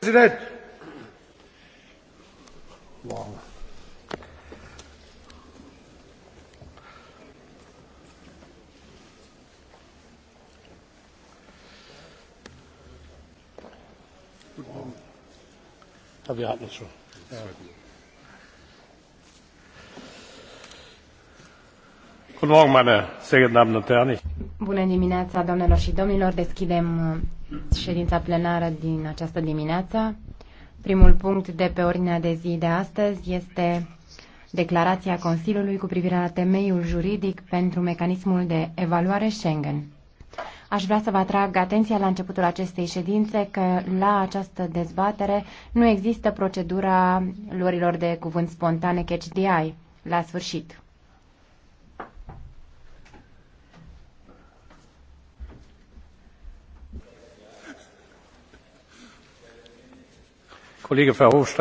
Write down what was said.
President. Long. Long. Wir hatten es schon. Bună dimineața, doamnelor și domnilor. Deschidem uh, ședința plenară din această dimineață. Primul punct de pe ordinea de zi de astăzi este declarația Consiliului cu privire la temeiul juridic pentru mecanismul de evaluare Schengen. Aș vrea să vă atrag atenția la începutul acestei ședințe că la această dezbatere nu există procedura luărilor de cuvânt spontane catch the eye la sfârșit. kollege verhofstadt!